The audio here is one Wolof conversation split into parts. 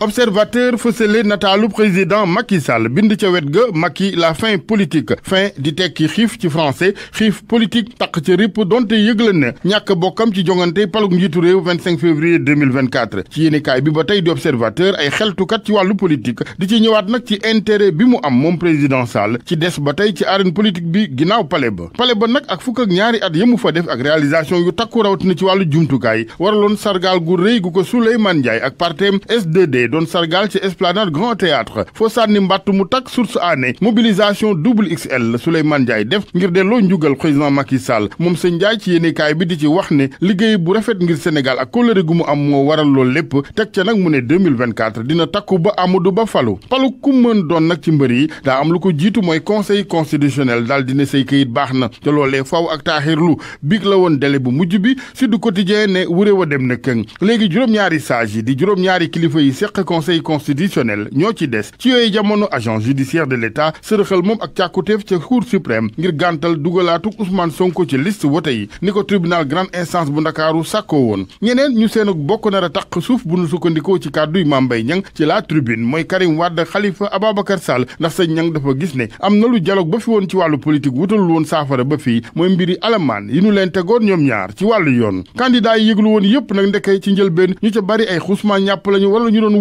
observateur fësale nataalu président Macky Sall bind ca wet ga Macky la fin politique fin di tekki xiif ci français xiif politique takk ci ripp donte yëgle na ñàkk bokkam ci jongante palug njiitu réew 25 février 2024 ci yéenekaay bi ba tey di observateur ay xeltukat ci wàllu politique di ci ñëwaat nag ci intérêt bi mu am moom président Sall ci des ba tey ci arène politique bi ginnaaw palais ba palais ba nag ak fukk ñaari at yemu fa def ak réalisation yu takku rawatina ci wàllu jumtukaay waraloon sargaal gu rëy gu ko Souleymane Ndiaye ak partem S2D doon sargal ci esplanade grand théâtre foo sànni mbàtt mu takk source aané mobilisation double XL la Souleymane Ndiaye def ngir delloo njugal président Macky Sall moom sëñ Ndiaye ci yéenekaay bi di ci wax ne liggéey bu rafet ngir Sénégal ak kóllëre gu mu am moo waral lool lépp teg ca nag mu ne 2024 dina takku ba Amadou Ba falu palu ku mën doon nag ci mbër yi daa am lu ko jiitu mooy conseil constitutionnel daal dina say këyit baax na te loolee faw ak taaxirlu biig la woon délai bu mujj bi Sud Quotidien ne wuré wa dem na këng juróom-ñaari sages yi di juróom kilifa yi seq ak conseil constitutionnel ñoo ci des ci yooyu jamono agent judiciaire de l'État sërëxal moom ak càkkutéef ca cour suprême ngir gàntal dugalaatuk Ousmane Sonko ci liste wote yi tribunal grande instance bu ndakaaru sàkkoo woon ñeneen ñu seen bokk nar a taq suuf bu nu sukkandikoo ci kàdduy Mame Mbaye Niang ci la tribune mooy Karim Wade Khalifa Ababacar Sall ndax sëñ Niang dafa gis ne am na lu dialogue ba fi woon ci wàllu politique wutalul woon saafara ba fii mooy mbiri alamaan yi nu leen tegoon ñoom ñaar ci wàllu yoon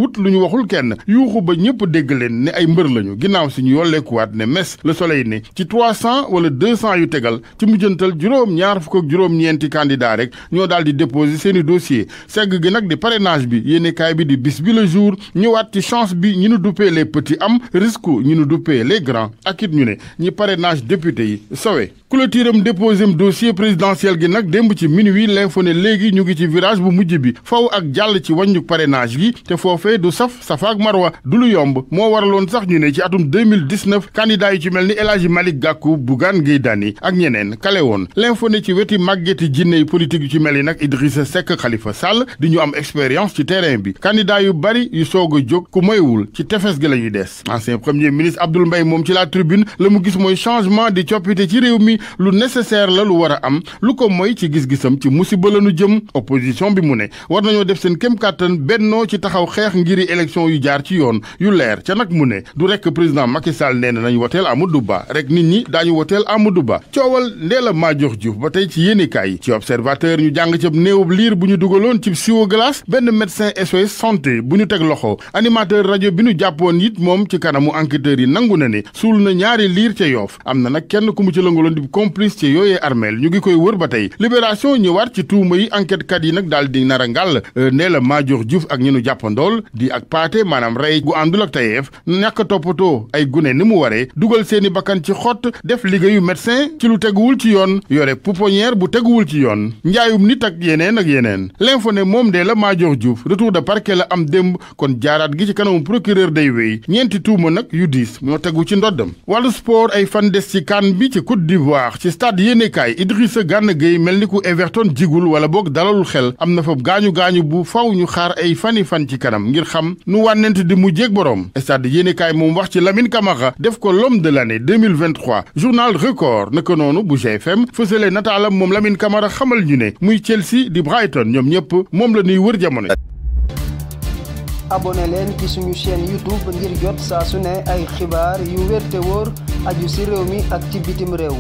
wut lu ñu waxul kenn yuuxu ba ñëpp dégg leen ne ay mbër lañu ginnaaw si ñu yolleekuwaat ne mes le soleil ne ci 300 wala 200 yu tegal ci mujjantal juróom ñaar fukk ak juróom-ñeenti candidat rek ñoo daal di déposé seeni dossier segg gi nag di parrainage bi yéenekaay bi di bis bi le jour ñëwaat ci chance bi ñu nu duppee les petits am risque ñu nu duppee les grands ak it ñu ne ñi parrainage député yi sowe clôturam déposém dossier présidentiel gi nag démb ci minuit l'info ne léegi ñu ngi ci virage bu mujj bi faw ak boole du saf safa ak marwa du lu yomb moo waraloon sax ñu ne ci atum 2019 candidat yi ci mel ni El Hadji Malick Gakou Bougane Gueye Dany ak ñeneen kale woon l'info ne ci weti màggeti jinney politique yu ci mel ni nag Idrissa Seck Khalifa Sall di ñu am expérience ci terrain bi candidat yu bari yu soog a jóg ku moywul ci tefes gi la ñuy des ancien premier ministre Abdoul mbay moom ci la tribune la mu gis mooy changement di coppite ci réew mi lu nécessaire la lu war a am lu ko mooy ci gis-gisam ci musiba la nu jëm opposition bi mu ne war nañoo def seen kéem kàttan bennoo ci taxaw xeex ngiri élection yu jaar ci yoon yu leer ca nag mu ne du rek président Macky Sall nee na nañu woteel Amadou Ba rek nit ñi daañu woteel Amadou Ba coowal Ndella Madior Diouf ba tey ci yéenekaay yi ci observateur ñu jàng cab néewub liir bu ñu dugaloon ci siwo glace benn médecin SOS santé bu ñu teg loxo animateur rajo bi ñu jàppoon it moom ci kanamu enquêteurs yi nangu na ni suul na ñaari liir ca yoof am na na kenn ku mu ci lëngaloon di complice ci yooyee armeel ñu ngi koy wër ba tey libération ñëwaat ci tuuma yi enquête kat yi nag daal di nar a ngàll euh, Ndella Madior Diouf ak ñi ñu jàppandool di ak paate maanaam rey gu àndul ak tayeef ñàkk toppatoo ay gune ni mu waree dugal seeni bakkan ci xott def liggéeyu médecin ci lu teguwul ci yoon yore pouponnière bu teguwul ci yoon njaayum nit ak yeneen ak yeneen l'info ne moom dee la Madior Diouf retour de parquet la am démb kon jaaraat gi ci kanamu procureur day wéy ñeenti tuuma nag yu diis moo tegu ci ndoddam wàllu sport ay fan des ci kan bi ci Côte d'Ivoire ci stade yéenekaay Idrissa Gana Gueye mel ni ku Everton jigul wala boog dalalul xel am na fa gaañu gaañu bu faw ñu xaar ay fani fan ci kanam ngir xam nu wànnent di mu mujjeeg boroom stade yéenekaay moom wax ci Lamine Camara def ko l'homme de la 2023 journal record naka noonu bu GFM fësale nataalam moom Lamine Camara xamal ñu ne muy Chelsea di Brighton ñoom ñëpp moom la ñuy wër jamono abonné leen ci suñu chaîne YouTube ngir jot saa su ne ay xibaar yu wér te aju ci réew mi ak ci bitim réew